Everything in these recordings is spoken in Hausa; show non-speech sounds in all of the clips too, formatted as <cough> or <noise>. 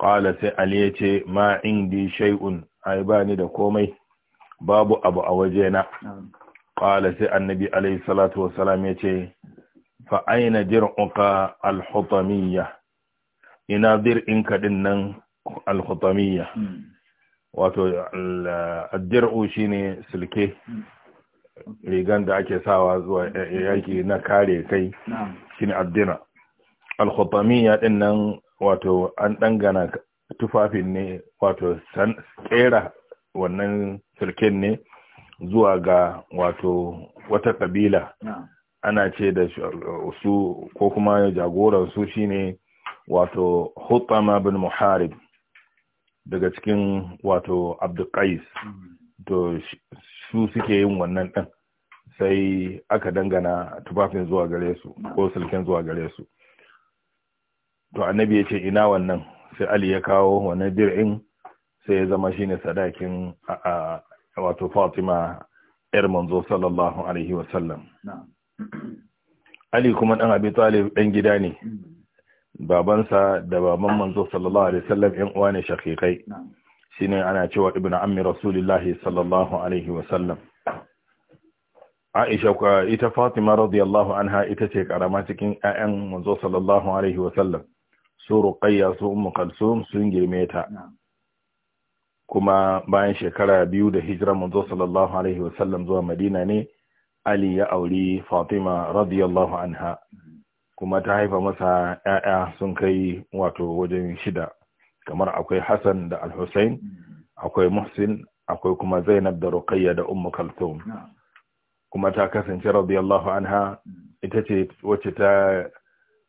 qala sai ali yace ma indi shay'un ai bani da komai babu abu a wajena qala sai annabi alayhi salatu wassalam yace fa aina dir'uka al-hutamiyya ina dir'inka din nan al-hutamiyya hmm. wato al-dir'u shine silke hmm. rigan da ake sawa zuwa yaki na kare kai shine addina al-hutamiyya nan wato an dangana tufafin ne wato san tsera wannan sirkin ne zuwa ga wato wata kabila ana ce da su ko kuma jagoran su shine wato Hutama bin Muharib daga cikin wato Abdulkais mm-hmm. to su suke yin wannan ɗin sai aka dangana tufafin zuwa gare su ko silken zuwa gare su to annabi ya ce ina wannan sai ali ya kawo wani dir'in sai ya zama shine sadakin a wato fatima yar manzo sallallahu alaihi wasallam ali kuma dan abi talib dan gida ne mm-hmm. babansa da baban manzo sallallahu alaihi wasallam yan uwa ne shaqiqai shine ana cewa ibnu ammi rasulillahi sallallahu alaihi wasallam Aisha ita Fatima radiyallahu anha ita ce karama cikin ƴaƴan manzo sallallahu alaihi wasallam su ruƙayya su ummu kalsum sun girme ta kuma bayan shekara biyu da hijira manzo sallallahu alaihi wasallam zuwa madina ne ali ya auri fatima radiyallahu anha kuma ta haifa masa ƴaƴa sun kai wato wajen shida kamar akwai Hassan da al mm. akwai Muhsin akwai kuma Zainab da Ruqayya da Ummu kalsum kuma ta kasance radiyallahu anha mm. ita ce wacce ta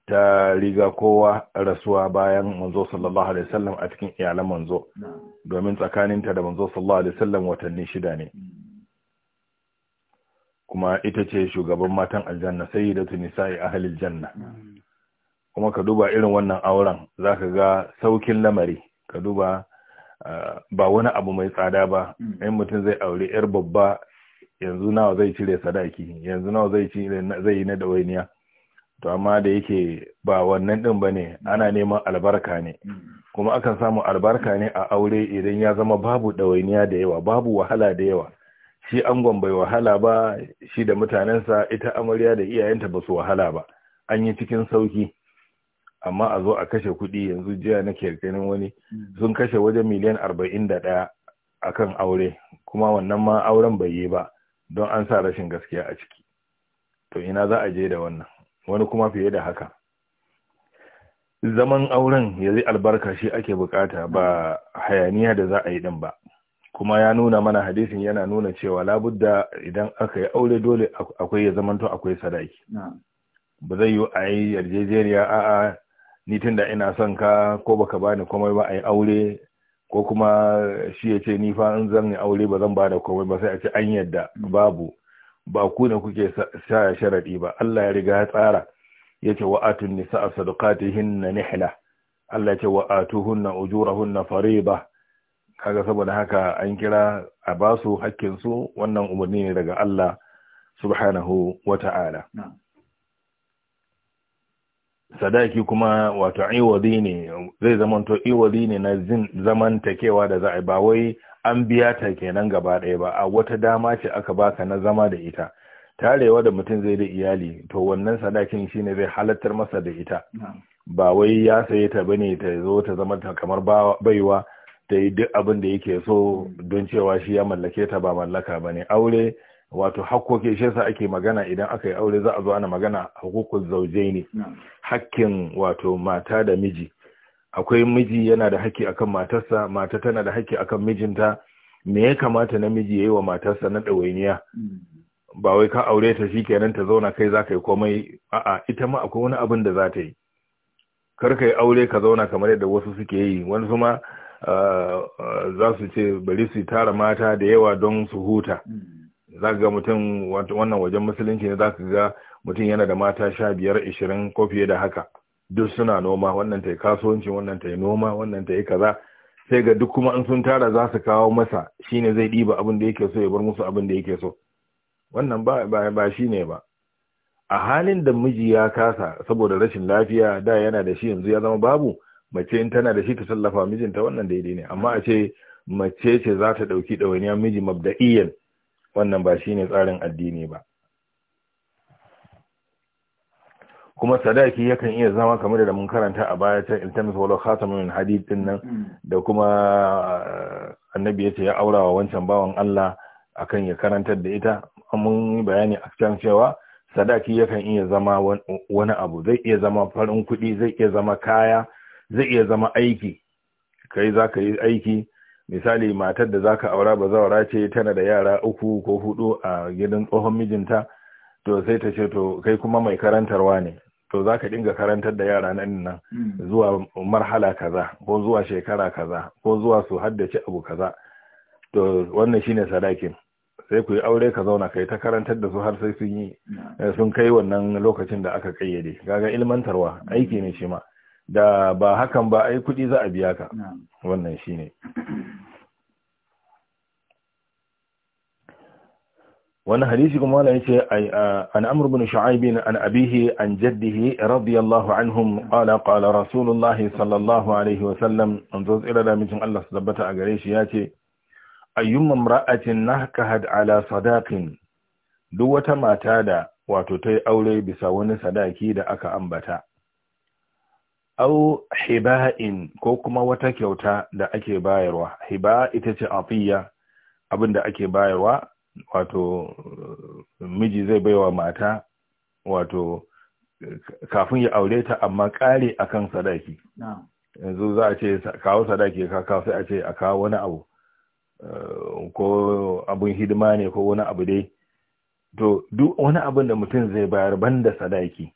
ta riga kowa rasuwa bayan manzo sallallahu alaihi wasallam a cikin iyalan manzo domin tsakaninta da manzo sallallahu alaihi wasallam watanni shida ne hmm. kuma ita ce shugaban matan aljanna sayyidatu nisa'i ahlil janna hmm. kuma ka duba irin wannan auren zaka ga saukin lamari ka duba ah, ba wani abu mai tsada ba hmm. in mutum zai aure yar babba yanzu nawa zai cire sadaki yanzu nawa zai cire zai yi na dawainiya to amma da yake ba wannan din ne, ana neman albarka ne kuma akan samu albarka ne a aure idan ya zama babu ɗawainiya da yawa babu wahala da yawa shi angon bai wahala ba shi da mutanensa ita amarya da iyayenta ba su wahala ba an yi cikin sauki amma a zo a kashe kuɗi yanzu jiya na ganin wani sun kashe wajen miliyan arba'in da ɗaya a kan aure kuma wannan ma auren bai yi ba don an sa rashin gaskiya a ciki to ina za a je da wannan wani kuma fiye da haka zaman auren ya zai albarka shi ake bukata ba hayaniya da za a yi din ba kuma ya nuna mana hadisin yana nuna cewa labudda idan aka yi aure dole akwai ya zamanto akwai sadaki ba zai yi a yi yarjejeniya a'a ni tun da ina son ka ko baka bani komai ba a yi aure ko kuma shi ya ce ni fa in zan yi aure ba zan ba da komai ba sai a ce an yadda mm. babu ba ku ne kuke sa sharadi ba Allah ya riga ya tsara yace wa atun nisaa sadaqatihinna nihla Allah yace wa atuhunna ujurahunna fariida kaga saboda haka an kira a basu hakkin su wannan umarni ne daga Allah subhanahu wata'ala sadaki kuma wato iwadi ne zai zamanto iwadi ne na zin zamantakewa da za a ba wai an biya ta kenan gaba ɗaya ba a wata dama ce aka baka na zama da ita tarewa da mutum zai da iyali to wannan sadakin shine zai halattar masa da ita ba wai ya saye ta bane ta zo ta zama ta kamar baiwa ta yi duk abin da yake so don cewa shi ya mallake ta ba mallaka bane aure wato hakkoki shi yasa ake magana idan aka yi aure za a zo ana magana hukukun zauje ne hakkin wato mata da miji akwai miji yana da haƙƙi akan matarsa mata tana da haƙƙi akan mijinta me ya kamata namiji ya yi wa matarsa na ɗawainiya ba wai ka aure ta shi kenan ta zauna kai za ka yi komai a'a ita ma akwai wani abin da za ta yi kar ka yi aure ka zauna kamar yadda wasu suke yi wani ma ah, ah, za su ce bari su tara mata da yawa don su huta za ga mutum wannan wajen musulunci ne za ka ga mutum yana da mata sha biyar ishirin ko fiye da haka duk suna noma wannan ta yi kasuwanci wannan ta yi noma wannan ta yi kaza sai ga duk kuma in sun tara za su kawo masa shine zai ɗiba abin da yake so ya bar musu abin da yake so wannan ba ba, ba ne ba a halin da miji ya kasa saboda rashin lafiya da yana da shi yanzu ya zama babu mace in tana da shi ta tallafa mijinta wannan daidai ne amma a ce mace ce za ta ɗauki ɗawainiyar miji mabda'iyan wannan ba shine tsarin addini ba kuma sadaki yakan iya zama kamar da mun karanta a baya ta iltamis wala khatamu min hadith din nan mm. da kuma eh, annabi yace ya aura wa wancan bawan Allah akan ya karantar da ita mun yi bayani a cikin cewa sadaki yakan iya zama wani abu zai iya zama farin kuɗi zai iya zama kaya zai iya zama aiki kai zaka yi aiki misali matar da zaka aura bazawara ce tana da yara uku ko hudu a gidan tsohon mijinta to sai ta ce to kai kuma mai karantarwa ne to za ka dinga karantar da yara nan nan hmm. zuwa marhala kaza ko zuwa shekara kaza ko zuwa su haddace abu kaza to wannan shine sadakin sai ku yi aure ka zauna kai ta karantar da su har sai sun yi hmm. sun kai wannan lokacin da aka kayyade kaga ilmantarwa hmm. aiki ne shi ma da ba hakan ba ai kuɗi za a biya ka wannan shine <coughs> wani hadisi kuma wala yace an amr ibn shu'aib an abihi an jaddihi radiyallahu anhum qala qala rasulullah sallallahu alaihi wa sallam an zo tsira da mijin Allah su tabbata a gare shi yace ayyum imra'atin nahkahat ala sadaqin duk wata mata da wato tayi aure bisa wani sadaki da aka ambata au hiba'in ko kuma wata kyauta da ake bayarwa hiba ita ce afiya abin da ake bayarwa wato miji zai baiwa mata wato kafin ya aure ta amma kare kan sadaki yanzu za a ce kawo sadaki ka kawo sai a ce a kawo wani abu eh, ko abin hidima ne ko wani abu dai to duk wani abin da mutum zai bayar banda sadaki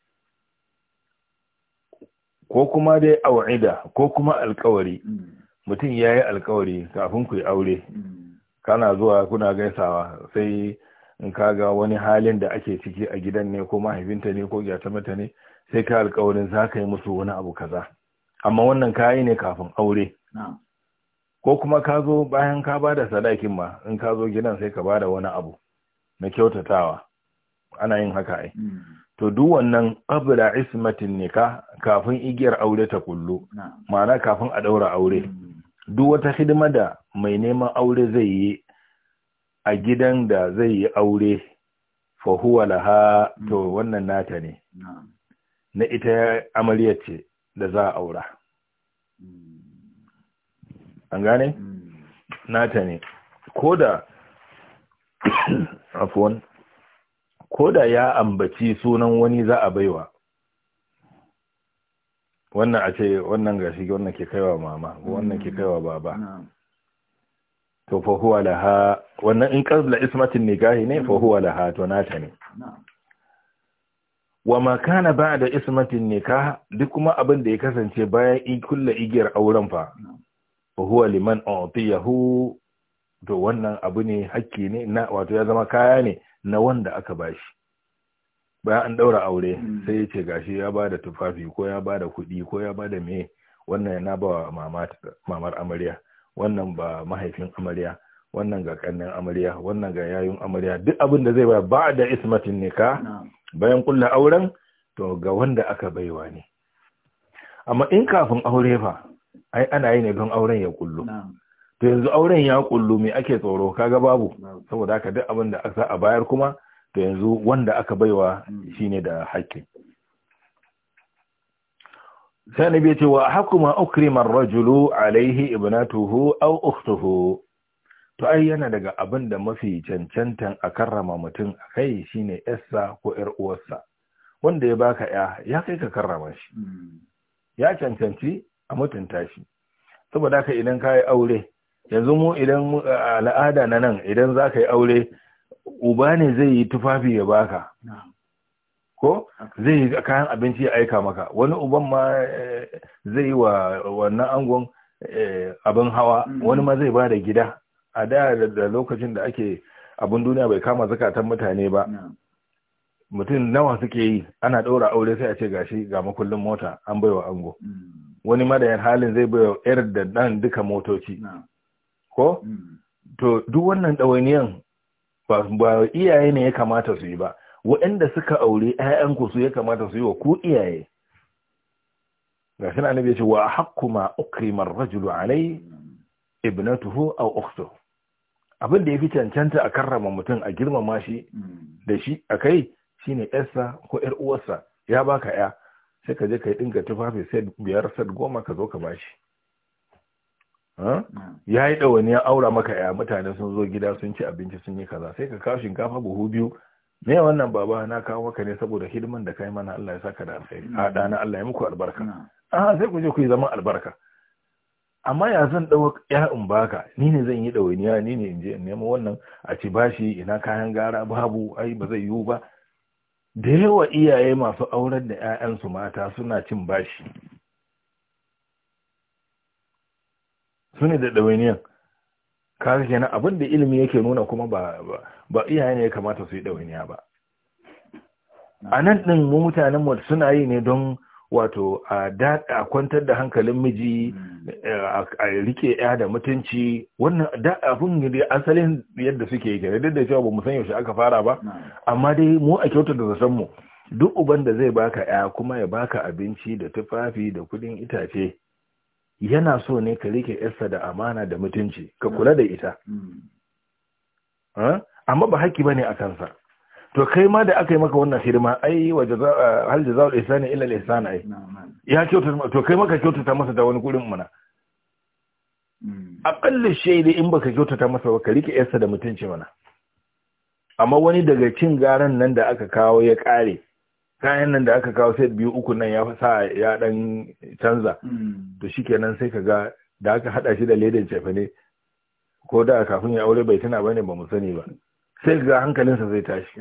ko kuma dai au'ida ko kuma alkawari mm. mutum ya yi alkawari kafin ku yi aure mm. kana zuwa kuna gaisawa sai in ka ga wani halin da ake ciki a gidan ne ko mahaifinta ne ko gyata mata ne sai ka alkawarin za ka yi musu wani abu kaza amma wannan ka yi ne kafin aure ko kuma ka zo bayan ka ba da sadakin ma in ka zo gidan sai ka ba da wani abu na kyautatawa ana yin haka ai hmm. to duk wannan qabla ismatin nikah kafin igiyar aure ta kullu ma'ana kafin a daura aure hmm. duk wata hidima da mai neman aure zai yi a gidan da zai yi aure fahuwa laha to mm. wannan nata ne na ita amaryar ce da za a aura mm. an gane mm. nata ne ko da <coughs> afuwan ko da ya ambaci sunan wani za a baiwa wannan a ce wannan gashi wannan ke kaiwa mama wannan ke kaiwa baba to fa huwa laha wannan in qazla ismatin nikahi ne fa huwa laha to nata ne wa ma kana ba'da ismatin nikah duk kuma abin da ya kasance bayan in kulla igiyar auren fa fa huwa liman utiyahu to wannan abu ne hakki ne na wato ya zama kaya ne na wanda aka bashi bayan an ɗaura aure mm. sai ya ce gashi ya ba da tufafi ko ya ba da kuɗi ko ya ba da me wannan yana ba mamar amarya wannan ba mahaifin amarya wannan ga kannin amarya wannan ga yayun amarya duk abin da zai ba ba da ismatin nika bayan kulla auren to ga wanda aka baiwa ne amma in kafin aure fa ai ana yi ne don auren ya kullu to yanzu auren ya kullu me ake tsoro kaga babu saboda haka duk abin da aka a bayar kuma to yanzu wanda aka baiwa hmm. shine da haƙƙi sai nabi ya ce wa hakuma ukrima ar-rajulu Alayhi ibnatuhu aw ukhtuhu to ai yana daga abin da mafi cancantan a karrama mutum a kai shine yarsa ko yar uwarsa wanda ya baka ya ya kai ka karrama shi hmm. ya cancanci a mutunta shi saboda haka idan ka yi aure yanzu mu idan al'ada na nan idan za ka yi aure uba ne zai yi tufafi ya baka ko zai yi kayan abinci ya aika maka wani uban ma eh, zai yi wa wannan angon eh, abin hawa mm. wani ma zai ba da gida a da da lokacin da ake abin duniya bai kama zakatan mutane ba mutum nawa suke yi ana ɗaura aure sai a ce gashi ga makullin mota an baiwa ango mm. wani ma da halin zai baiwa yar da dan duka motoci ko mm. to duk wannan ɗawainiyan ba iyaye ne ya kamata su yi ba waɗanda suka aure ‘ya'yanku su ya kamata su yi wa ku iyaye ga shi annabi ya ce wa haqqu ma ar rajulu alai ibnatuhu aw ukhtuhu abin da yafi cancanta a karrama mutum a girmama shi da shi a kai shine yarsa ko yar uwarsa ya baka ya sai ka je ka yi dinga tufafi sai biyar sai goma ka zo ka bashi Hmm. ya yi ɗawani ya aura maka ya mutane sun zo gida sun ci abinci sun yi kaza sai ka kawo shinkafa buhu biyu me wannan baba na kawo maka ne saboda hidiman da kai mana Allah ya saka da alkhairi hmm. a dana Allah ya muku albarka hmm. a sai ku je ku yi zaman albarka amma ya zan dawo ya in baka ni ne zan yi ɗawainiya ni ne in je in nemo wannan a ci bashi ina kayan gara babu ai ba zai yiwu ba da yawa iyaye masu auren da 'ya'yansu mata suna cin bashi su ne da ɗawainiyan kaga kenan abin da ilimi yake nuna kuma ba iyaye ne ya kamata su yi ɗawainiya ba a nan ɗin mu mutanen mu suna yi ne don wato a kwantar da hankalin miji hmm. eh, a rike ya da mutunci wannan abin asalin yadda suke yi kenan da cewa ba san yaushe aka fara ba amma dai mu a kyauta da zaton mu duk uban da zai baka ya kuma ya baka abinci da tufafi da kudin itace yana so ne ka rike yarsa da amana da mutunci ka kula da ita ah? amma ba haƙƙi bane a kansa to kai ma da aka yi maka wannan hidima ai wa jaza da ah, jazaul isa illa al isa na ya kyautata to kai maka kyautata masa da wani kurin mana. Hmm. aƙalla shaidi in ba ka kyautata masa ba ka rike yarsa da mutunci mana amma wani daga cin garan nan da aka kawo ya ƙare kayan nan da aka kawo set biyu uku nan ya sa ya dan canza hmm. to shikenan sai ka ga da aka hada shi da ledan cefa ne ko da kafin ya aure bai tana bane ba mu sani ba sai ga hankalinsa zai tashi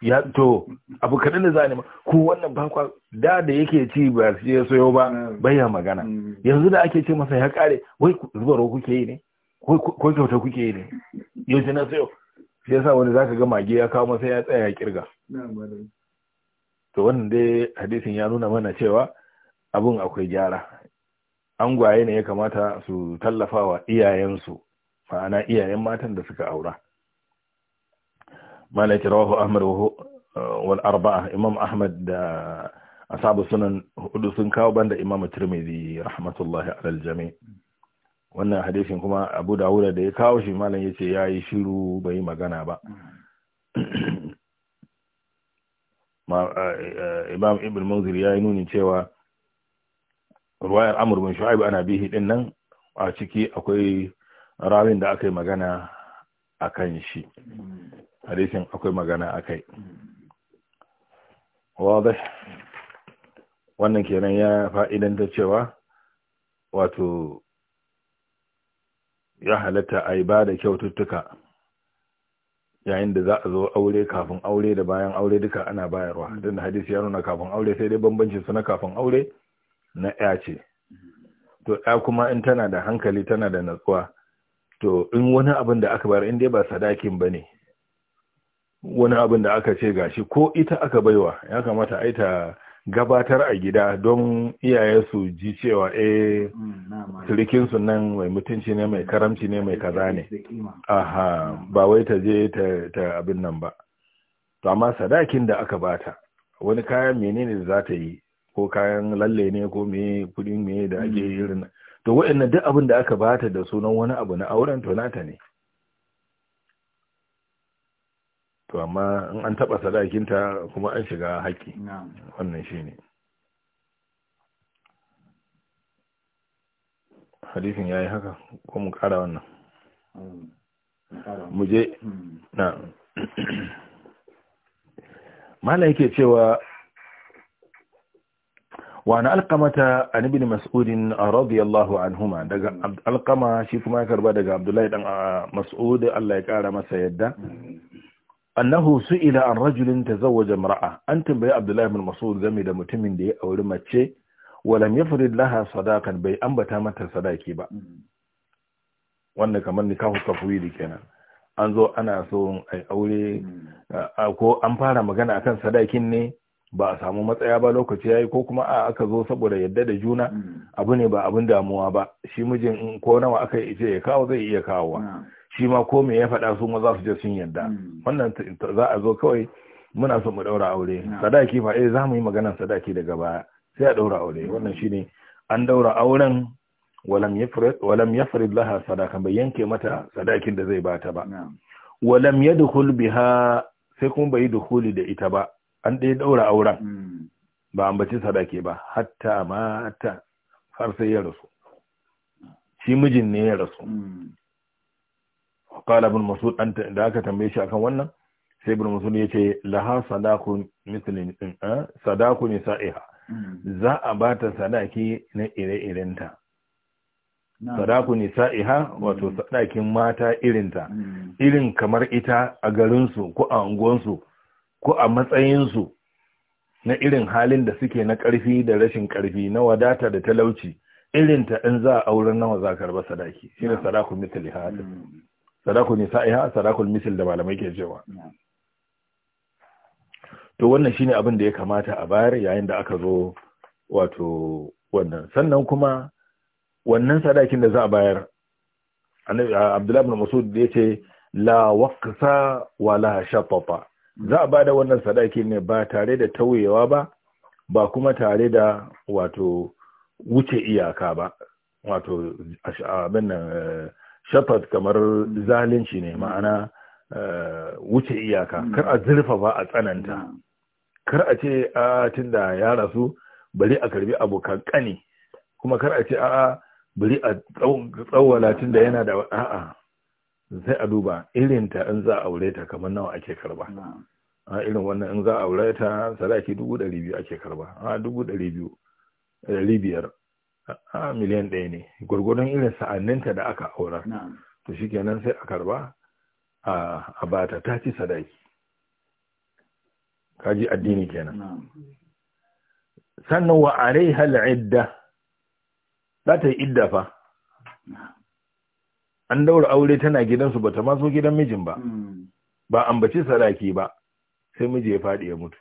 ya to abu kaɗan da za a ko wannan bakwa da da yake ci ba shi ya soyo ba hmm. ya magana hmm. yanzu da ake ce masa ya kare wai zubarwa kuke yi ne ko kyauta kuke yi ne <laughs> yaushe na sayo shi yasa wani zaka ga mage ya kawo masa ya tsaya ya kirga to wannan dai hadisin ya nuna mana cewa abun akwai gyara angwaye ne ya kamata su tallafa wa iyayensu ma'ana iyayen matan da suka aura malaki rawahu ahmad uh, wal arba'a imam ahmad da asabu sunan hudu sun kawo banda imam tirmidhi rahmatullahi alal jami wannan hadisin kuma abu dawuda da ya kawo shi malam yace yayi shiru bai magana ba mm. <clears throat> Eh, eh, eh, imam ibn munzir ya yi nuni cewa ruwayar amur bin shu'aib ana bihi din nan a ciki akwai rawin da aka yi magana a kan shi hadisin akwai magana a kai wannan kenan ya fa'idan fa'idanta cewa wato ya halatta a yi ba da kyaututtuka yayin da za a zo aure kafin aure da bayan aure duka ana bayarwa mm. don hadisi ya nuna kafin aure sai dai bambancin su na kafin aure na ya ce to ya kuma in tana da hankali tana da natsuwa to in wani abin da aka bayar in dai ba sadakin ba ne wani abin da aka ce gashi ko ita aka baiwa ya kamata a ita. gabatar a gida don iyaye su ji cewa eh sirikinsu mm, nan mai mutunci ne mai karamci ne mai kaza ne aha ba wai ta je ta abin nan ba to amma sadakin da aka bata wani kayan menene da za ta yi ko kayan lalle ne ko me kudin me da ake mm. irin to waɗannan duk abin da aka bata da sunan wani abu na auren to nata ne to amma in an taɓa sadakinta kuma an shiga haƙƙi wannan shi ne hadisin ya yi haka ko mu ƙara wannan mu je hmm. na mala yake cewa وعن ألقمة Anhuma ابن مسعود shi الله ya karba daga Abdullahi كربا دقى عبد الله مسعود الله masa yadda. Hmm. annahu su'ila an rajulin tazawwaja mar'a an tambayi abdullahi bin mas'ud game da mutumin da ya auri mace walam yafrid laha sadakar bai ambata mata sadaki ba wanda kamar nikahu da kenan an zo ana so ai aure ko an fara magana akan sadakin ne ba a samu matsaya ba lokaci yayi ko kuma a aka zo saboda yadda da juna abu ne ba abin damuwa ba shi mijin ko nawa aka yi ya kawo zai iya kawowa shi ma ko me ya faɗa su ma za su je sun yarda hmm. wannan za a zo kawai muna so mu ɗaura aure hmm. sadaki fa eh za mu yi magana sadaki daga baya sai a ɗaura aure hmm. wannan shine an ɗaura auren walam yafrid walam yafrid laha sadaka bai yanke mata sadakin da zai bata ba walam yadkhul biha sai kuma bai dukhuli da ita ba an dai ɗaura auren ba ambaci sadaki ba hatta mata har sai ya rasu shi mijin ne ya rasu qala ibn mas'ud anta da aka tambaye shi akan wannan sai ibn mas'ud yace laha sadaqun mithlin eh, sadaqun sa'iha hmm. za a bata sadaki na ire-irenta sadaku sa'iha wato hmm. sadakin mata irinta hmm. irin kamar ita a garinsu ko a unguwansu ko a matsayinsu na irin halin da suke na karfi da rashin karfi na wadata da talauci irin ta in za a auren nawa za karba sadaki shine sadaku misali sadakun nisa'iha sadakul misil da malamai ke cewa to wannan shine abin da ya kamata a bayar yayin da aka zo wato wannan sannan kuma wannan sadakin da za a bayar Abdullahi ibn Masud da yace la waqsa wala shatata za a bada wannan sadakin ne ba tare da tauyewa ba ba kuma tare da wato wuce iyaka ba wato abin nan eh, shafat kamar zalunci ne ma'ana eh, wuce iyaka hmm. kar a zurfafa a tsananta hmm. kar a ce a tunda ya rasu bari a karbi abokan kani kuma kar a ce a'a bari a tsawwala tunda yana da a'a sai a duba irin ta in za a aure ta kamar nawa ake karba hmm. a irin wannan in za a aure ta sadaki dubu ɗari biyu ake karba a dubu ɗari biyu ɗari biyar a miliyan ɗaya ne gwargwadon irin sa'anninta da aka aura to shi kenan sai a karba a bata ta ci sadaki kaji addini kenan sannan wa alaiha idda za ta yi idda fa an daura aure tana gidansu ba ta maso gidan mijin ba hmm. ba ambaci sadaki ba sai miji ya faɗi ya mutu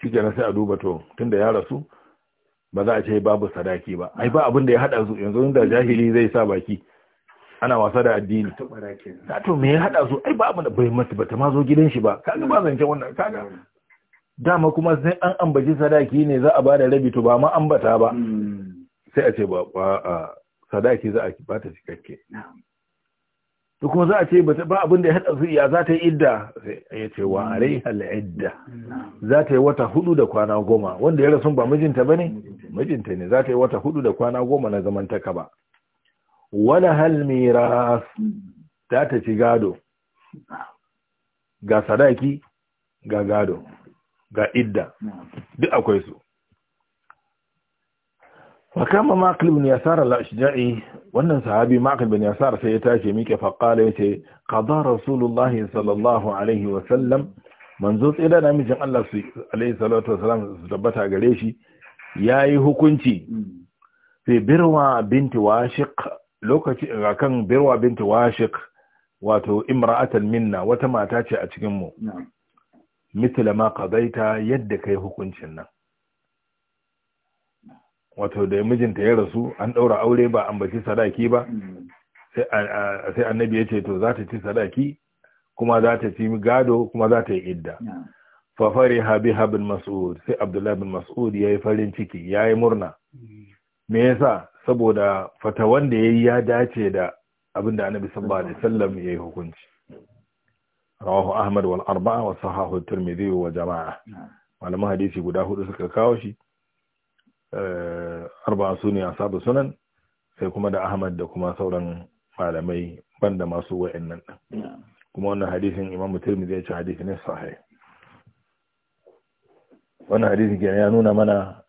shi sai a duba to tunda ya rasu ba za a ce babu sadaki ba ai ba abin da ya hada su yanzu da jahili zai sa baki ana wasa da addini ta to me ya hada su ai ba abin da bai mata bata ma zo gidan shi ba kaga ba zance wannan kaga mm. dama kuma sai an ambaci sadaki ne za a ba da rabi to ba ma ambata ba mm. sai a ce ba sadaki za a ba ta cikakke da kuma za a ce ba abin da ya haɗa su iya za ta yi idda ya ce wa mm. a rai idda za ta yi wata hudu da kwana goma wanda ya rasu ba mijinta ba ne mijinta ne za ta yi wata hudu da kwana goma na zamantaka ba. kaba wala hal miras ta ta ci gado ga sadaki ga gado ga idda duk akwai su fakama makil bin yasar al-ashja'i wannan sahabi makil bin yasar sai ya tashi mike faqala yace qada rasulullahi sallallahu alaihi wa sallam manzo tsira da mijin Allah su alaihi salatu wa salam su tabbata gare shi yayi hukunci fi birwa binti washiq lokaci kan birwa binti washiq wato imra'atan minna wata mata ce a cikin mu mithla ma yadda kai hukuncin nan wato da mijinta ya rasu an ɗaura aure ba an baci sadaki ba sai annabi ya ce to za ta ci sadaki kuma za ta ci gado kuma za ta yi idda fari habi habin mas'ud sai abdullahi bin mas'ud ya yi farin ciki ya yi murna me yasa saboda fata wanda ya yi ya dace da abin da annabi sallallahu alaihi wasallam ya yi hukunci rawahu ahmad wal arba'a wa sahahu tirmidhi wa jama'a malaman hadisi guda hudu suka kawo shi Eh, arba su ne sabu sunan sai kuma da ahmad da kuma sauran malamai banda masu wa'annan din kuma wannan hadisin imamu tirmidhi ya ce hadisi ne sahih wannan hadisin kenan ya nuna mana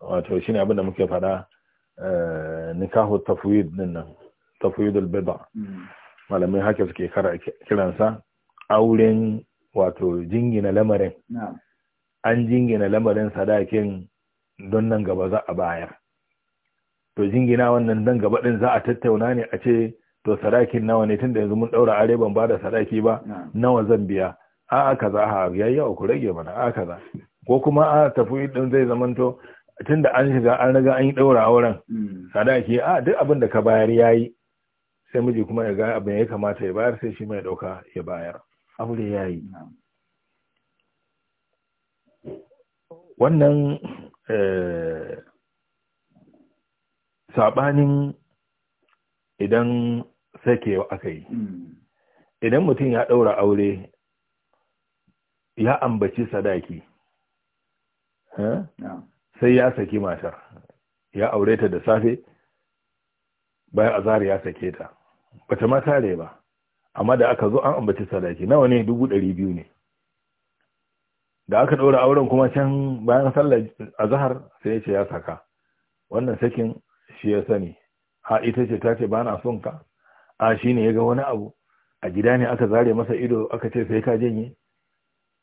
wato shine abin da muke fada eh, nikahu tafwid din nan tafwid al-bid'a malamai haka suke kiransa auren wato jingina lamarin an jingina lamarin sadakin don nan gaba za a bayar to jingina wannan nan gaba din za a tattauna ne a ce to sadakin nawa ne tunda yanzu mun daura are ban da sadaki ba nawa zan biya a'a kaza ha yayya ku rage mana a'a kaza ko kuma a tafi din zai zamanto tunda an shiga an riga an yi daura auren hmm. sadaki a duk abin da ka bayar yayi sai miji kuma ya ga abin ya kamata ya bayar sai shi mai dauka ya bayar aure yayi wannan Eh, saɓanin idan sakewa aka yi hmm. idan mutum ya ɗaura aure ya ambaci sadaki sai ya saki matar ya aure ta da safe bayan azari ya sake ta bata ma tare ba amma da aka zo an ambaci sadaki nawa ne dubu ɗari biyu ne da aka ɗora auren kuma can bayan sallar zahar? sai ya ce ya saka wannan sakin shi ya sani a ita ce ta ce ba na son ka a shi ne ya ga wani abu a gida ne aka zare masa ido aka ce sai ka janye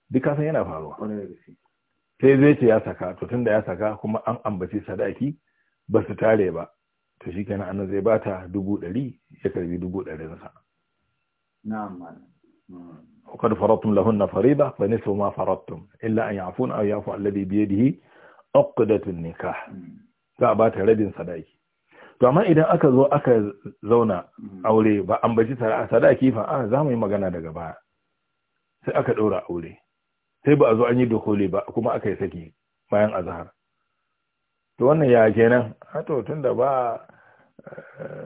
duk san yana faruwa sai zai ce ya saka to tunda ya saka kuma an ambaci sadaki ba su tare ba to shi kenan annan zai bata dubu ɗari ya karbi dubu ɗarinsa na'am وقد فرضتم لهن فريضة فنصف ما فرضتم إلا أن يعفون أو يعفو الذي بيده عقدة النكاح za a bata rabin sadaki to amma idan aka zo aka zauna mm. aure ba an baci sadaki fa a za mu yi magana daga baya sai aka ɗaura aure sai ba a zo an yi dokoli ba kuma aka yi saki bayan azhar to wannan ya nan, a to tunda ba eh,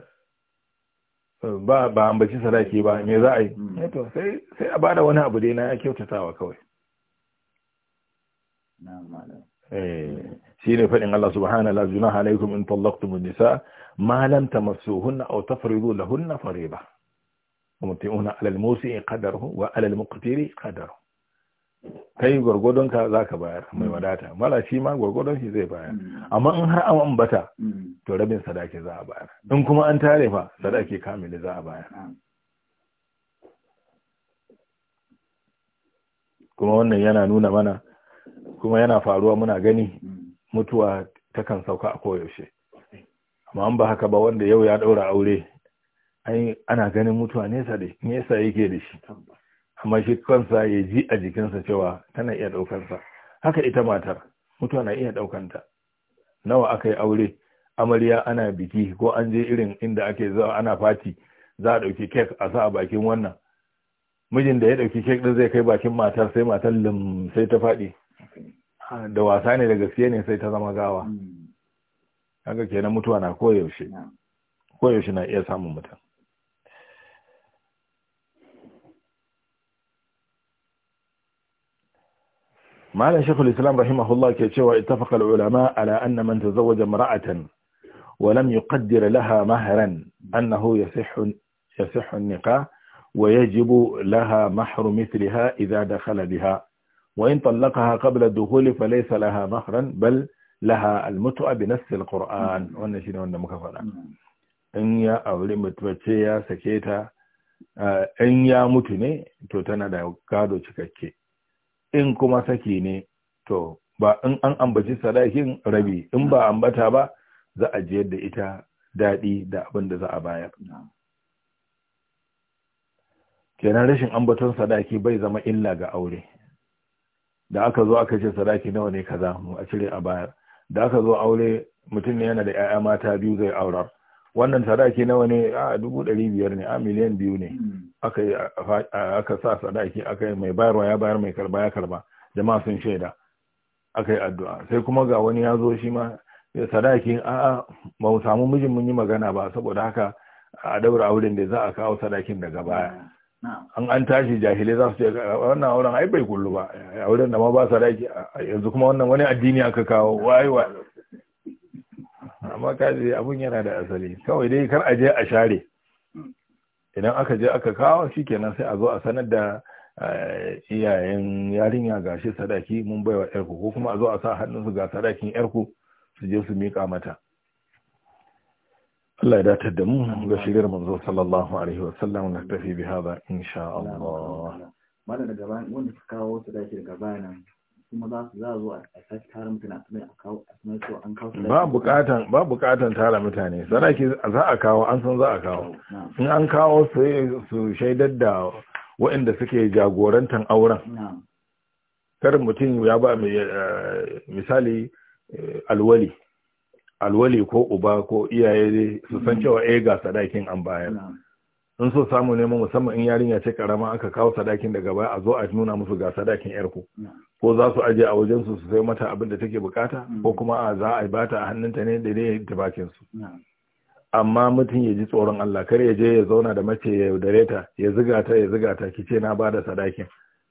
ba ba ambaci sadaki ba me za a yi to sai sai a bada wani abu dai na kyautatawa kawai shi ne faɗin Allah subhanahu la junaha alaikum in tallaqtum an-nisa ma lam tamassuhunna aw tafridu lahunna fariba ala al ومتعون qadaruhu wa ala al-muqtiri qadaruhu kai gwargwadon ka za ka bayar mai mm. wadata mara shi ma gwargwadon shi zai bayar mm. amma in har an ambata mm. to rabin sadaki za a bayar in kuma an tare fa sadaki kamili za a bayar kuma wannan yana nuna mana kuma yana faruwa muna gani mutuwa takan sauka a koyaushe amma an ba haka ba wanda yau ya daura aure ana ganin mutuwa nesa yake da shi amma shi kansa ya ji a jikinsa cewa tana iya ɗaukansa. haka ita matar mutuwa na iya ɗaukanta nawa aka yi aure amarya ana biki ko an je irin inda ake zuwa ana fati za a ɗauki kek a sa a bakin wannan mijin da ya ɗauki kek ɗin zai kai bakin matar sai matar lim sai ta faɗi da wasa ne da gaske ne sai ta zama gawa hmm. haka kenan mutuwa na koyaushe koyaushe na iya samun mutum مالا شيخ الإسلام رحمه الله كيشوى اتفق العلماء على أن من تزوج امرأة ولم يقدر لها مهرا أنه يصح, يصح النقاه ويجب لها مهر مثلها إذا دخل بها وإن طلقها قبل الدخول فليس لها مهرا بل لها المتوى بنفس القرآن ونشين ونمكفرا إن يا أولي متبتشي يا سكيتا آه، إن يا متني تتنى دا قادو شكاكي in kuma saki ne to ba in an ambaci sadakin rabi in ba ambata ba za a jiyar da ita daɗi da abin da za a bayar kenan rashin ambaton sadaki bai zama illa ga aure da aka zo aka ce sadaki nawa ne kaza mu a cire a bayar da aka zo aure mutum ne yana da 'ya'ya mata biyu zai aurar wannan sadaki nawa ne a ah, dubu ɗari biyar ne a ah, miliyan biyu ne hmm. aka yi sa sadaki aka yi mai bayarwa ya bayar mai karba ya karba jama'a sun shaida aka yi addu'a sai kuma ga wani ya zo shi ma ya sadaki a'a ba samu mijin mun yi magana ba saboda haka a daura auren da za a kawo sadakin daga baya an an tashi jahilai za su ce wannan auren ai bai kullu ba auren da ma ba sadaki yanzu kuma wannan wani addini aka kawo wai amma kaji abun yana da asali kawai dai kar a je a share idan aka je aka kawo shikenan sai a zo a sanar da eh, iyayen yarinya ga shi sadaki mun baiwa yarku ko kuma a zo a sa hannunsu ga sadakin yarku su je su miƙa mata Allah ya datar da mu ga shigar manzo sallallahu alaihi wa sallam na tafi bi hada insha Allah mana daga wanda suka kawo sadaki daga bayanan kuma za su za zo a sake tara mutane a kawo a an kawo ba bukatan ba bukatan tara mutane sadaki za a kawo an san za a kawo in an kawo su shaidar da waɗanda suke jagorantar auren karin mutum ya ba eh, misali eh, alwali alwali ko uba ko iyaye su san mm-hmm. cewa eh ga sadakin an bayar in so samu ne musamman in yarinya ce karama aka kawo sadakin daga baya a zo a nuna musu ga sadakin 'yar ku ko za su aje a wajen su su sai mata abin da take bukata mm. ko kuma a za a bata a hannunta ne da dai ta bakin su amma mutum ya ji tsoron Allah kar ya je ya zauna da mace ya yaudare ta ya ziga ta ya ziga ta ce na bada sadakin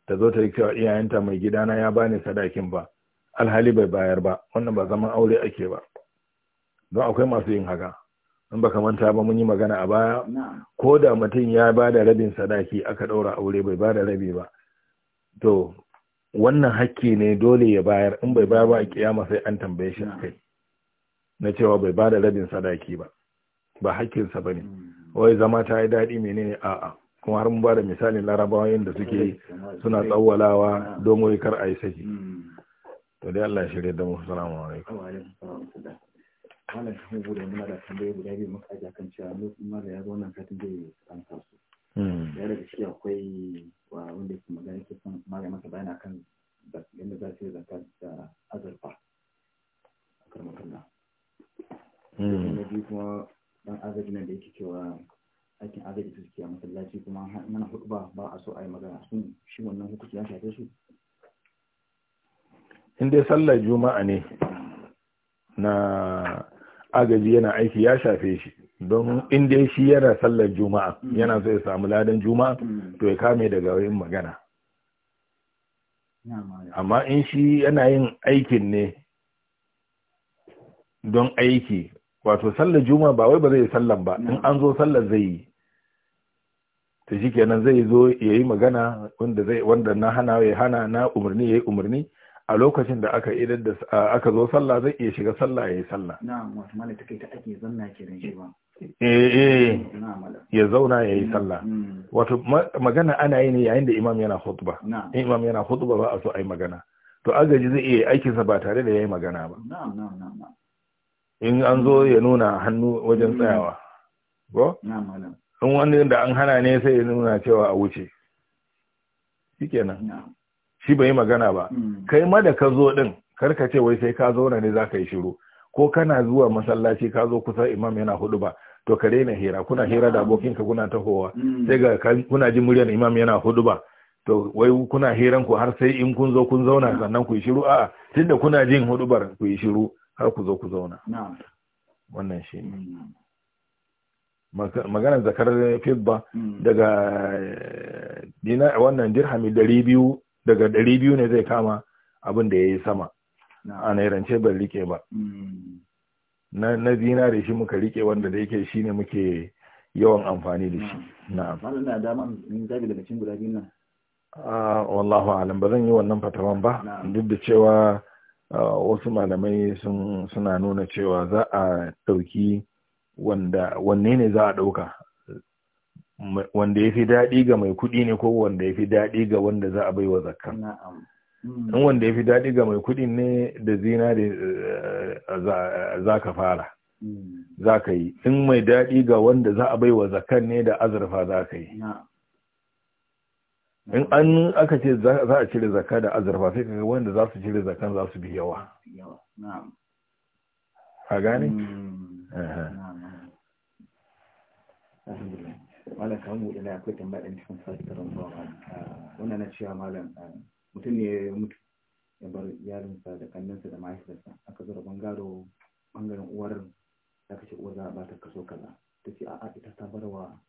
ta zo ta yi cewa iyayenta mai gidana ya bani sadakin ba alhali bai bayar ba wannan ba zaman aure ake ba don akwai masu yin haka in baka manta ba mun yi magana a baya ko da mutum ya ba da rabin sadaki aka ɗaura aure bai ba da rabi ba to wannan hakki ne dole ya bayar in bai bayar ba a kiyama sai an tambaye shi akai na cewa bai ba da rabin sadaki ba ba hakkinsa ba ne hmm. wai zama ta yi daɗi menene a'a kuma har mun ba da misalin larabawa yadda suke suna tsawwalawa don wai kar a yi saki hmm. to dai Allah ya shirya da mu salamu alaikum malam ta hango da muna da tambayi guda biyu muka aja kan cewa lokacin malam ya zo wannan satin zai amsa su hmm. ya daga ciki akwai wanda ke magana ke son malam masa bayana kan yadda za su yi zakka da azurfa a karmakalla hmm. na biyu kuma dan agaji nan da yake cewa aikin agaji su suke a masallaci kuma mana hudu ba ba a so a yi magana sun shi wannan hukunci ya shafe su in dai sallar juma'a ne na agaji yana aiki ya shafe shi don in dai shi yana sallar juma'a yana so ya samu ladan juma'a to ya kame daga yin magana amma in shi yana yin aikin ne don aiki wato sallar juma'a ba wai ba zai sallan ba in an zo sallar zai yi ta shi kenan zai zo ya yi magana wanda na hana ya hana na umarni ya yi umarni a lokacin da aka idan da aka zo sallah zai iya shiga sallah yayi sallah na'am wato mallaka kai ta ake zanna kenan shi ba eh, eh. ya zauna ya yi mm, sallah mm. wato magana ana yi ne yayin da imam yana khutba in imam yana khutba ba a so ai magana to agaji zai iya aikinsa ba tare da yayi magana ba in an zo ya nuna hannu wajen mm. tsayawa ko in wani da an hana ne sai ya nuna cewa a wuce shikenan shi bai magana ba hmm. kai ma da ka zo din karka ce wai sai ka zauna ne zaka yi shiru ko kana zuwa masallaci ka zo kusa imam yana hudu ba to ka daina hira kuna hira da abokinka kuna tahowa hmm. sai ga kuna jin muryar imam yana hudu ba to wai kuna hiran ku har sai in kun zo kun zauna hmm. sannan ku yi shiru a'a tunda kuna jin hudubar ku yi shiru har ku zo ku zauna wannan shi maganar zakar fibba daga eh, wannan dirhami dari biyu daga ɗari biyu ne zai kama abin da ya yi sama a nairance ban rike ba mm. na zinare shi muka rike wanda da yake shi ne muke yawan amfani da shi na'am na dama in zabi daga cin guda biyu nan ah, yi wannan fataman ba duk da cewa ah, wasu malamai suna nuna cewa za a ɗauki wanda wanne ne za a ɗauka wanda ya fi daɗi ga mai kuɗi ne ko wanda ya fi daɗi ga wanda za a bai wa zakka hmm. in wanda ya fi daɗi ga mai kuɗi ne da zinari eh, za ka fara hmm. za ka yi in mai daɗi ga wanda za a bai wa zakan ne da azurfa za ka yi in an aka ce za a cire zakka da azurfa sai kaga wanda za su cire zakkan za su bi yawa a gane? Hmm. malam kamar buɗe na akwai tambaya da cikin sati da zuwa ah, wannan na cewa malam ah, mutum ne ya mutu ya bar yarinsa da kannansa da mahaifiyarsa aka zura bangaro bangaren uwar da aka ce uwar za a ba kaso kaza ta ce a'a ita ta bar wa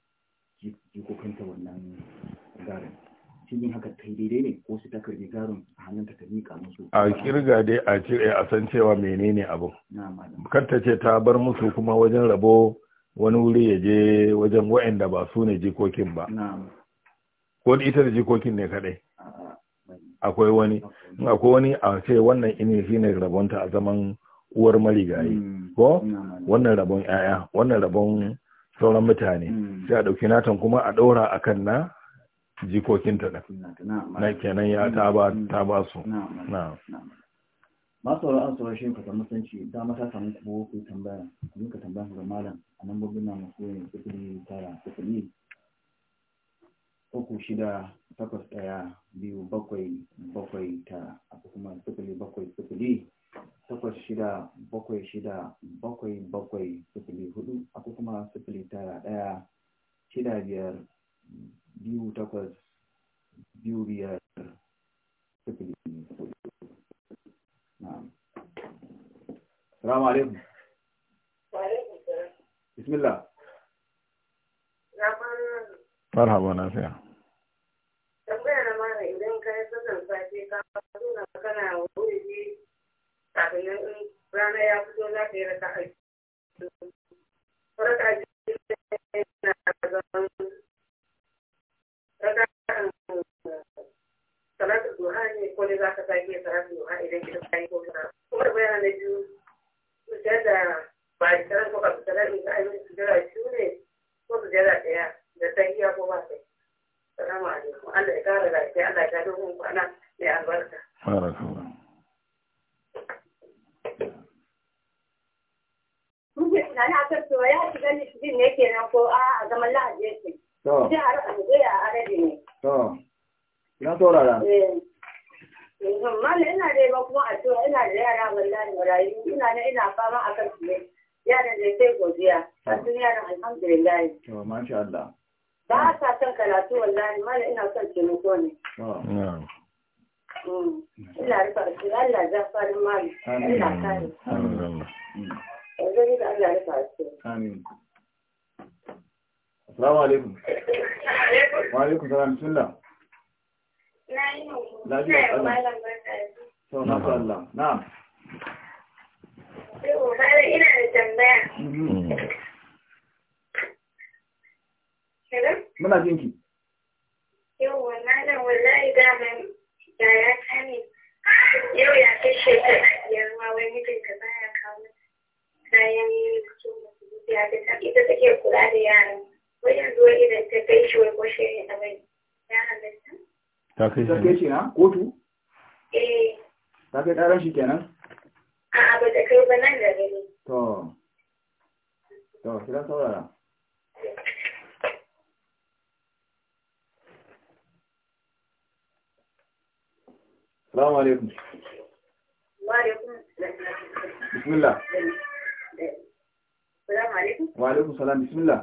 jikokanta wannan garin cikin haka ta daidai ne ko su ta karbi garin a hannunta ta miƙa musu a kirga dai a cire a san cewa menene abu. kar ta ce ta bar musu kuma wajen rabo wani wuri ya je wajen wa'anda ba su ne jikokin ba ko ita da jikokin ne kadai akwai wani akwai wani a ce wannan ini ne rabonta a zaman uwar marigayi hmm. ko wannan rabon yaya wannan rabon sauran mutane hmm. sai a ɗauki natan kuma a daura kan na jikokinta da na kenan ya ta ba hmm. su masu an sauran shirin kasar musanci dama ta samun kubo ku tambaya a ka tambaya ga malam a nan babbuna masu yin sifili tara sifili uku shida takwas ɗaya biyu bakwai bakwai tara akwai kuma sifili bakwai sifili takwas shida bakwai shida bakwai bakwai sifili hudu akwai kuma sifili tara ɗaya shida biyar biyu takwas biyu biyar sifili hudu السلام عليكم بسم الله مرحبا نافع tambayar ma idan ka yi sassan sashi ka kuna kana wuri ne kafin rana ya fito na ɗaya da ta haifu salatul duha ne ko ne za ka sa sake salatul duha idan ki ta yi ko kana kuma da bayanan na biyu sujjar da ba a sanar ko kafin sanar in ka ainihin sujjara biyu ne ko sujjara ɗaya da tahiya ko ba sai salamu alaikum Allah ya kara da lafiya Allah ya kara mun kwana mai albarka Muke tunani a kan ya shiga ne shi ne kenan ko a zaman lahadi yake. Jihar Abuja a Arabi ne. Ya saurara. Eh, eh, mal ina da kuma a cewa ina da yara wallahi marayu ina na ina fama a kan ne. Yaran da sai godiya. Kan yaran alhamdulillah. To masha Allah. Ba sa son karatu wallahi mal ina son taimako ne. Mm, ina rufa asiri Allah ya farin mal. Allah kare. Amin. Mm. da Allah rufa asiri. Amin. Assalamu alaikum. <laughs> Wa alaikum salam. Bismillah. Lafiya Allah. Sau na Allah. Na'am. ina da tambaya. Mm-hmm. Muna jinki. Yau wannan wallahi daman yaya ta ne. Yau ya kai shekara biyar ma wai ba ya kawo kayan cikin da ya ta ita take kula da yaran. Wai yanzu wai idan ta kai shi wai ko shi ya halatta. ta kai shi na kotu eh ta kai karan shi kenan a'a kai ba nan da gani to to kira saurara Salamu alaikum. Bismillah. Salamu alaikum. Wa alaikum salam. Bismillah.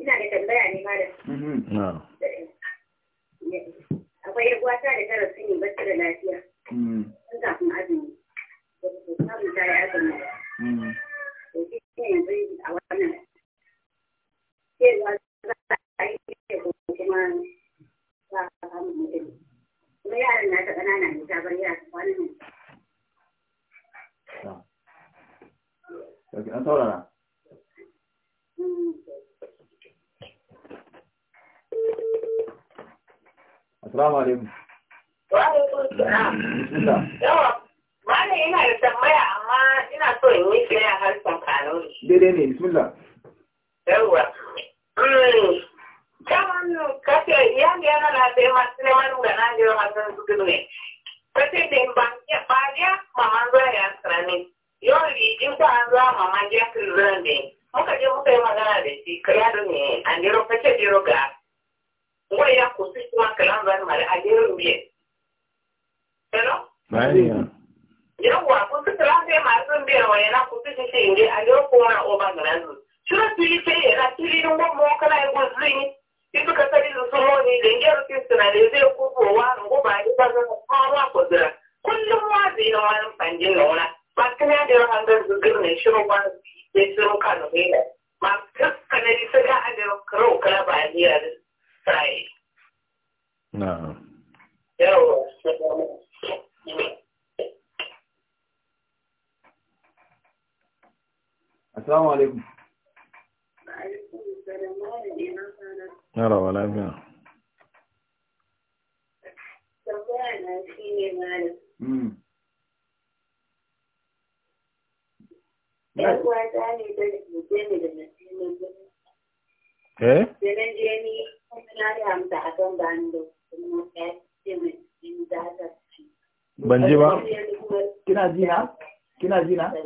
Ina da tambaya ne malam. Mm-hmm. Akwai yar uwata da ta rasu ne bata da lafiya. Mm-hmm. na'am yawa assalamu alaikum Yara wa lafiya. Hmm. Eh? Sai na je ni, na da hamsa a kan ban ji ba kina ji na kina ji na kina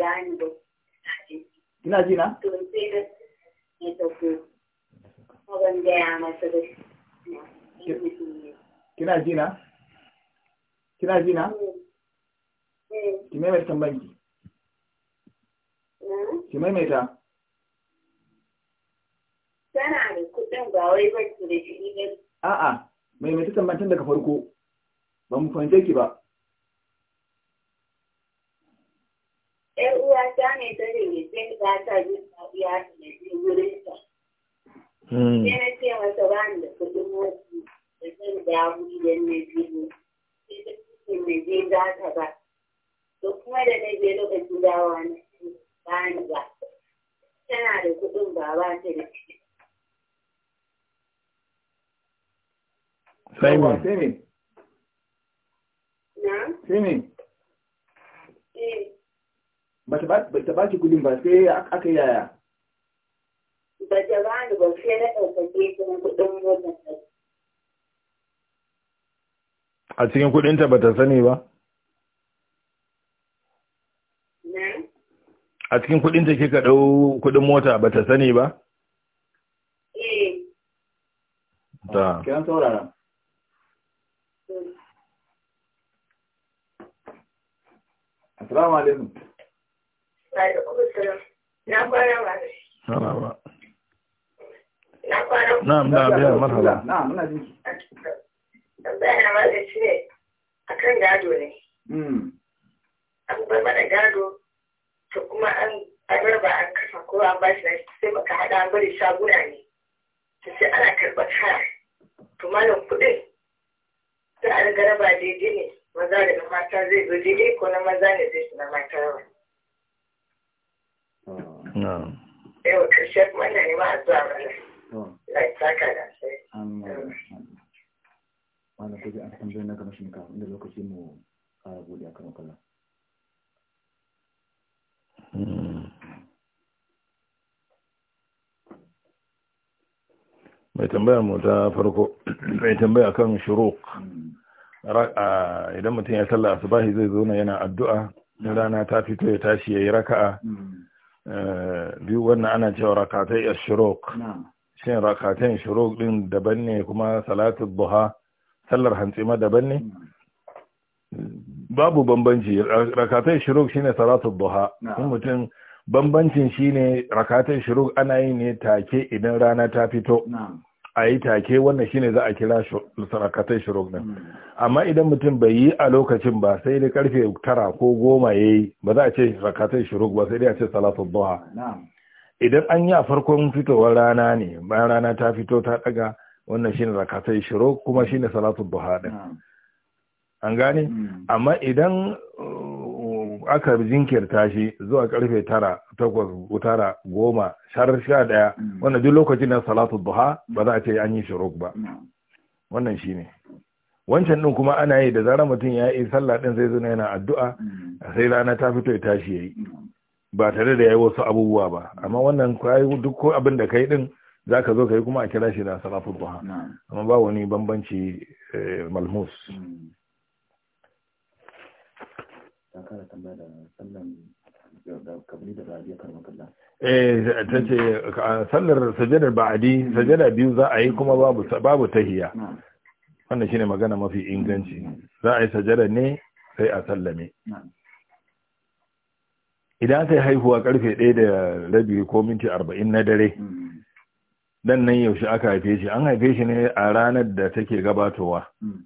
ji na kina ji na kina ji na ki maimaita tambanki ki maimaita tana da kudin ba wai da shi ne a'a mai mai tambantan daga farko ba mu fahimta ki ba ‘yan uwa ta ne ta ne sai ta ta yi ya mai wurin ta hmm. sai na ce masa ba ni da kudin wasu da zan dawo idan na biyu sai ta ce na je za ta ba to kuma da na je lokacin dawa na ba ni ba tana da kudin ba ba ta da shi Simon. Simon. Simon. Eh. Bata ba ki kudin ba sai aka yaya. Ba ta ba ni ba sai na ɗaukake sun kudin motar. A cikin kudinta ba ta sani ba? A cikin kudinta kika ɗau kudin mota ba ta sani ba? Eh. Ta. Kiran saurara. Assalamu alaikum. Na kwana ba. Na kwana. Na'am, na biya marhaba. muna jinki. Tambaya ma da shi ne akan gado ne. Mm. An bar mana gado to kuma an an raba an kasa ko an bashi na sai muka hada an bari shaguna ne. To sai ana karɓar kaya. To malam kuɗin sai an raba daidai ne. maza da na mata zai zo ko na maza ne zai suna mata yawa. Yau ƙarshe kuma na nema a zuwa mana. da kan mai mu ta farko mai tambaya kan shuruk hmm. idan mutum ya sallah asubahi zai zauna yana addu'a in mm. rana ta fito ya tashi yayi raka'a mm. eh, biyu wannan ana cewa rakatai ash shirok. shin rakatai shirok din daban ne kuma salatu duha sallar hantsi ma daban ne mm. babu bambanci rakatai shirok shine salatu duha in mutum bambancin shine rakatai shirok ana yi ne take idan rana ta fito a yi take wannan shine za a kira sarakatai shirok nan hmm. amma idan mutum bai yi a lokacin ba sai dai karfe tara ko goma ya yi ba za a ce sarakatai shirok ba sai dai a ce salatun duha idan an yi a farkon fitowar rana ne bayan rana ta fito ta daga wannan shine sarakatai shirok kuma shine salatun duha din an gane hmm. amma idan aka jinkirta shi zuwa karfe tara takwas tara goma shar sha daya mm. wannan duk lokacin na salatu duha ba za a ce an yi shuruk ba mm. wannan shi ne. wancan din kuma ana yi da zarar mutum ya yi sallah din sai zuna yana addu'a mm. sai rana ta fito ya tashi yayi ba tare da yayi wasu abubuwa ba amma wannan kai duk ko abin da kai din zaka zo ka yi kuma a kira shi da salatu duha amma ba wani bambanci eh, malmus ta kara tambaya eh ta ce sallar sajadar ba'adi sajada biyu za a yi kuma babu tahiya wannan shine magana mafi inganci za a yi sajada ne sai a sallame idan aka yi haihuwa karfe 1 da rabi ko minti 40 na dare mm. dan nan yaushe aka haife shi an haife shi ne a ranar da take gabatowa mm.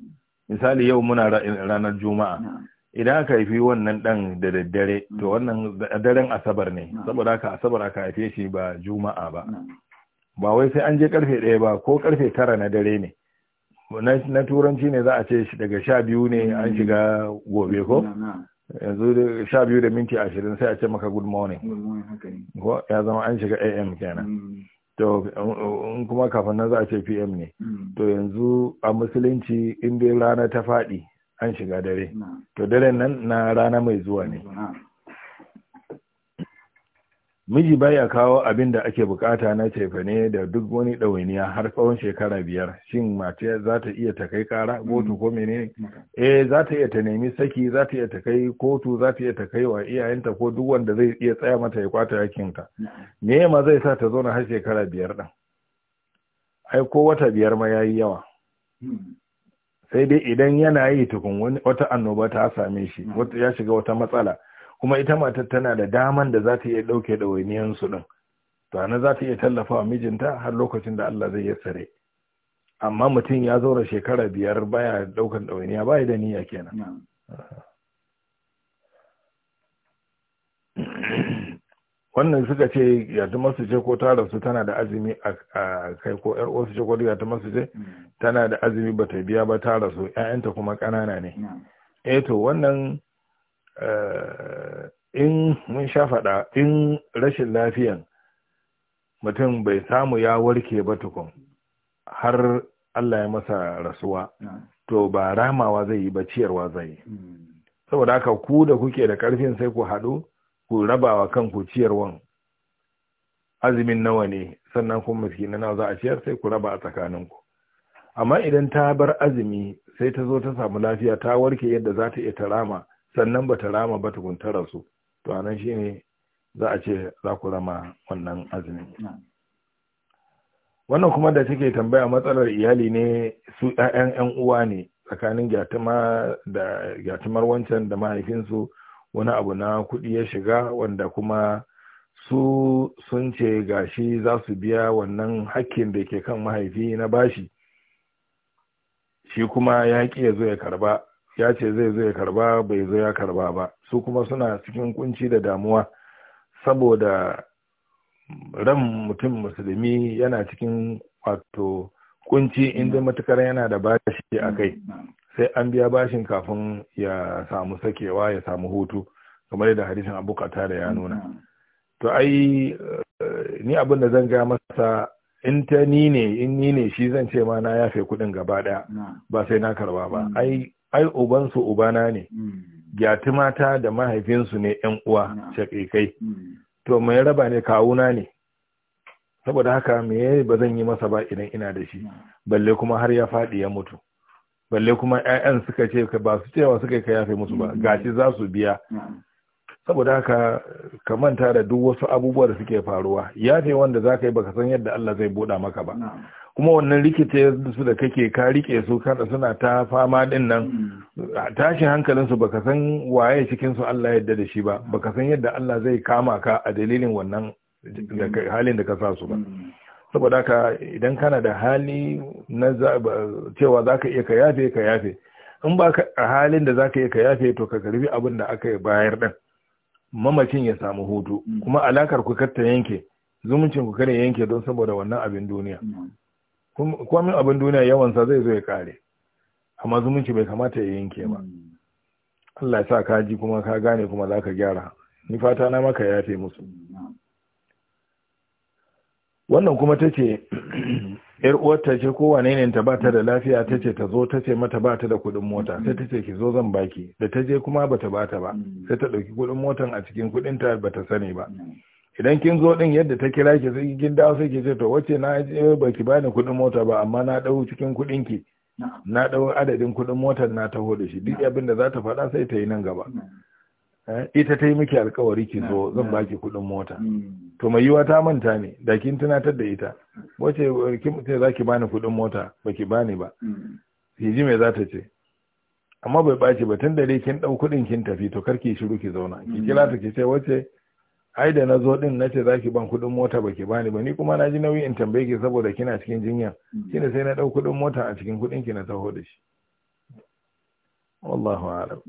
misali yau muna ranar juma'a idan aka haifi wannan dan da daddare to mm. wannan daren asabar ne saboda asabar aka haife shi ba juma'a ba ba wai sai an je karfe ɗaya ba ko karfe tara na dare ne na turanci ne za a ce daga sha biyu ne mm. an shiga gobe ko yanzu sha biyu da minti ashirin sai a ce maka good morning ko ya zama an shiga am kenan mm. to in kuma kafin nan za a ce pm ne to yanzu a musulunci in dai rana ta faɗi an shiga dare to dare nan na rana mai zuwa ne miji baya kawo abin da ake bukata na cefane da duk wani ɗawainiya har tsawon shekara biyar shin mace za ta iya ta kai kara mm. kotu ko menene eh za ta iya ta nemi saki za ta iya ta kai kotu za ta iya ta kai wa iyayenta ko duk wanda zai iya tsaya mata ya kwata hakinta. me ma zai sa ta zauna har shekara biyar ɗin ai ko wata biyar ma yayi yawa hmm. sai dai idan yana yi tukun wata annoba ta same shi hmm. ya shiga wata matsala kuma ita matar tana da daman da za ta iya ɗauke ɗawainiyansu ɗin to ana za ta iya tallafa wa mijinta har lokacin da Allah zai yassare amma mutum ya zaura shekara biyar baya ɗaukan ɗawainiya baya da niyya kenan wannan suka ce ya ta masu ce ko ta rasu tana da azumi a kai ko yar uwarsu ce ko ya ta masu hmm. tana da azumi ba ta biya ba ta rasu ƴaƴanta kuma ƙanana ne hmm. eh to wannan eh, in mun sha faɗa in rashin lafiyan mutum bai samu ya warke ba tukun har Allah ya masa rasuwa hmm. to ba ramawa zai yi ba ciyarwa zai yi saboda haka ku da kuke da ƙarfin sai ku haɗu ku rabawa kanku ciyarwan azumin nawa ne sannan kuma miskina nawa za a ciyar sai ku raba a tsakaninku amma idan ta bar azumi sai ta zo ta samu lafiya ta warke yadda za ta iya ta rama sannan ba ta rama ba tukun ta rasu to anan ne za a ce za ku rama wannan azumin wannan kuma da take tambaya matsalar iyali ne su ƴaƴan ƴan uwa ne tsakanin gyatuma da gyatumar wancan da mahaifinsu wani abu na kuɗi ya shiga wanda kuma su sun ce gashi za su biya wannan hakkin da ke kan mahaifi na bashi shi kuma ya ƙi ya zo ya karba ya ce zai zo ya karba bai zo ya karba ba su kuma suna cikin kunci da damuwa saboda ran mutum musulmi yana cikin wato kunci inda mm. matukar yana da bashi a kai mm, mm. sai an biya bashin kafin ya samu sakewa ya samu hutu kamar yadda hadisin abu da ya nuna mm-hmm. to ai eh, ni abin da zan ga masa in ta ni ne in ni ne shi zan ce ma na yafe kuɗin gaba ɗaya mm-hmm. ba sai na karba ba mm-hmm. ai ai ubansu ubana ne gyati mata da mahaifinsu ne yan uwa shaƙiƙai to mai raba ne kawuna ne saboda haka me ba zan yi masa ba idan ina da shi balle kuma har ya faɗi ya mutu balle kuma 'ya'yan suka ce ba su cewa suka ka yafe musu ba mm-hmm. gashi za su biya saboda haka ka manta da duk wasu abubuwa da suke faruwa yafe wanda za ka yi baka san yadda Allah zai buɗa maka ba kuma wannan rikice su da kake ka rike su kada suna ta fama din nan mm-hmm. hankalin su baka san waye cikin su Allah yadda da shi ba baka san yadda Allah zai kama ka a dalilin wannan mm-hmm. halin da ka sa su ba saboda ka idan kana da hali na cewa za ka iya ka yafe ka yafe in ba a halin da za ka iya ka yafe to ka karbi abin da aka bayar ɗin mamacin ya samu hutu mm. kuma alakar ku ta yanke zumuncin ku kada yanke don saboda wannan abin duniya mm. komin abin duniya yawansa zai zo ya kare amma zumunci bai kamata ya yanke ba mm. Allah ya sa ka ji kuma ka gane kuma za ka gyara ni fata na maka yafe musu wannan kuma ta ce yar uwarta ce ko wane ne ta bata da lafiya ta ce ta zo ta ce mata bata da kudin mota sai ta ce ki zo zan baki da ta je kuma bata bata ba sai ta ɗauki kudin motan a cikin kuɗin ta bata sani ba idan kin zo din yadda ta kira ki sai kin dawo sai ki ce to wace na je baki bani kudin mota ba amma na dau cikin kuɗin ki na dau adadin kudin motar na taho da shi duk abin da za ta faɗa sai ta yi nan gaba Eh, ita ta yi miki alkawari ki zo zan baki kuɗin mota hmm. to mai yiwa ta manta ne da kin tunatar da ita wace kin ce za ki bani kuɗin mota ba ki bani ba hmm. ki ji me za ta ce amma bai baki ba tun da dai kin dau kuɗin kin tafi to kar ki shiru ki zauna ki hmm. kira ta ki ce wace ai da na zo din na ce za ki ban kuɗin mota ba ki bani ba ni kuma na ji nauyi in tambaye ki saboda kina cikin jinya kina sai na ɗau kuɗin mota a cikin kuɗin ki na taho da shi wallahu a'lam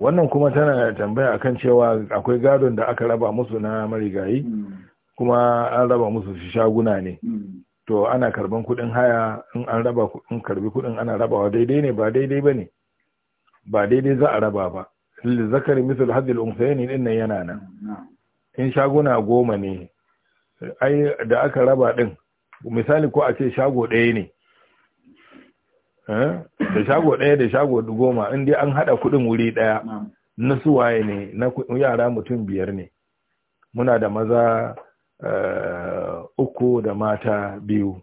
wannan kuma tana tambaya akan cewa akwai gadon da aka raba musu na marigayi kuma an raba musu shaguna ne to ana karban kudin haya in an raba in karbi kudin ana rabawa daidai ne ba daidai bane ba daidai za a raba ba zakari misal hadil umsayni din nan yana nan in shaguna goma ne ai da aka raba din misali ko a ce shago ɗaya ne Eh? da shago ɗaya da shago goma in dai an haɗa kuɗin wuri ɗaya na suwaye ne na yara mutum biyar ne muna da maza eh, uku da mata biyu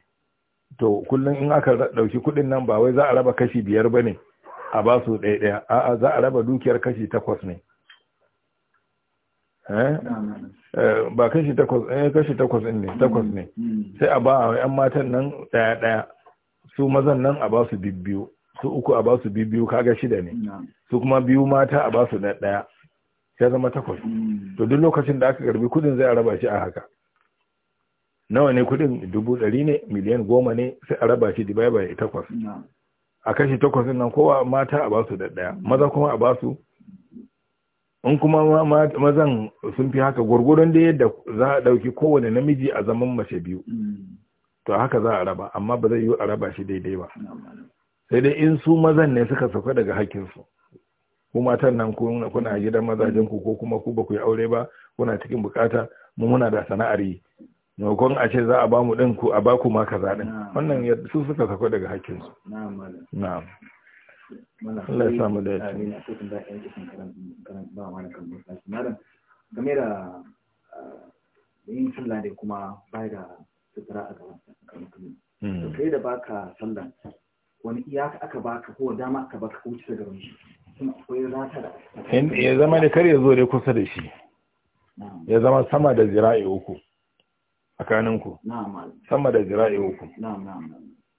to kullum in aka ɗauki kuɗin nan ba wai za a raba kashi biyar ba ne a ba su ɗaya ɗaya a'a za a raba dukiyar kashi takwas ne eh? ba kashi takwas ɗin ne takwas ne mm. sai a ba a yan matan nan ɗaya ɗaya su mazan nan a basu bibbiyu su uku a basu bibbiyu kaga shida ne su kuma biyu mata a basu na ɗaya ya zama takwas mm. to duk lokacin da aka karbi kudin zai raba shi a haka nawa ne kudin dubu ɗari ne miliyan goma ne sai a raba shi da bai takwas a kashi takwas nan kowa mata a basu da ɗaya maza kuma a basu in kuma mazan sun fi haka gwargwaron da yadda za a ɗauki kowane namiji a zaman mace biyu mm. to haka za a raba amma ba zai yi a raba shi daidai ba sai dai in su mazan ne suka sauka daga hakinsu ku matan nan kuna gidan mazajen ku ko kuma ku ba ku yi aure ba kuna cikin bukata mu muna da sana'ar yi maimakon a ce za a ba mu din ku a ba ku ma kaza din wannan su suka sauka daga hakinsu na'am Allah ya samu da ya game da ah, yin kuma bai da sutura a gaban hmm. to kai da baka sanda wani iyaka aka baka ko dama aka baka ko wuce gaban shi kuma akwai rata da ya zama da kar ya zo dai kusa da shi ya zama sama da zira'i uku tsakanin ku sama da zira'i uku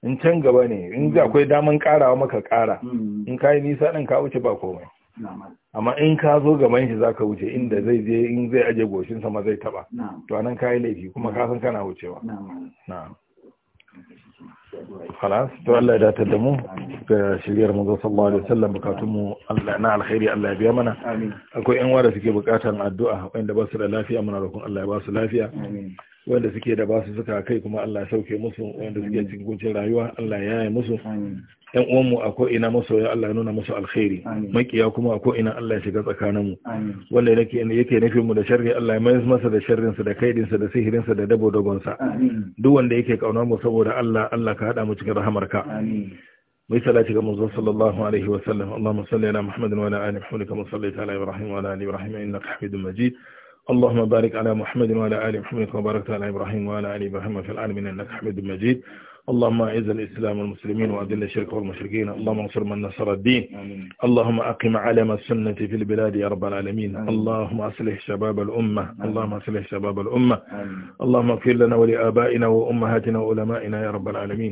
in can gaba ne in ji akwai daman karawa maka kara hmm. in kayi nisa ɗin ka wuce ba komai amma in ka zo gaban shi zaka wuce inda zai je in zai aje goshin sama zai taba to anan ka yi laifi kuma ka san kana wucewa na'am to Allah ya datar da mu ga shiryar manzo sallallahu alaihi wasallam bukatun mu Allah na alkhairi Allah ya biya mana akwai yanwa da suke bukatan addu'a wanda ba su da lafiya muna roƙon Allah ya ba su lafiya amin wanda suke da basu suka kai kuma Allah ya sauke musu wanda suke cikin kuncin rayuwa Allah ya yi musu yan uwanmu a ko'ina masoya Allah ya nuna musu alkhairi makiya kuma a ko'ina Allah ya shiga tsakaninmu wanda yake yake nufin mu da sharri Allah ya mayar masa da sharrin da kaidinsa da sihirinsa da dabo dogon duk wanda yake kauna mu saboda Allah Allah ka hada mu cikin rahamarka amin mai salati ga manzon sallallahu alaihi wa sallam Allahumma salli ala Muhammad wa ala ali Muhammad kama sallaita ala Ibrahim wa ala ali Ibrahim innaka Hamidum Majid اللهم بارك على محمد وعلى آل محمد وبارك على إبراهيم وعلى آل إبراهيم في العالمين إنك حميد مجيد اللهم أعز الإسلام والمسلمين وأذل الشرك والمشركين اللهم انصر من نصر الدين اللهم أقم علم السنة في البلاد يا رب العالمين اللهم أصلح شباب الأمة اللهم أصلح شباب الأمة اللهم اغفر لنا ولآبائنا وأمهاتنا وعلمائنا يا رب العالمين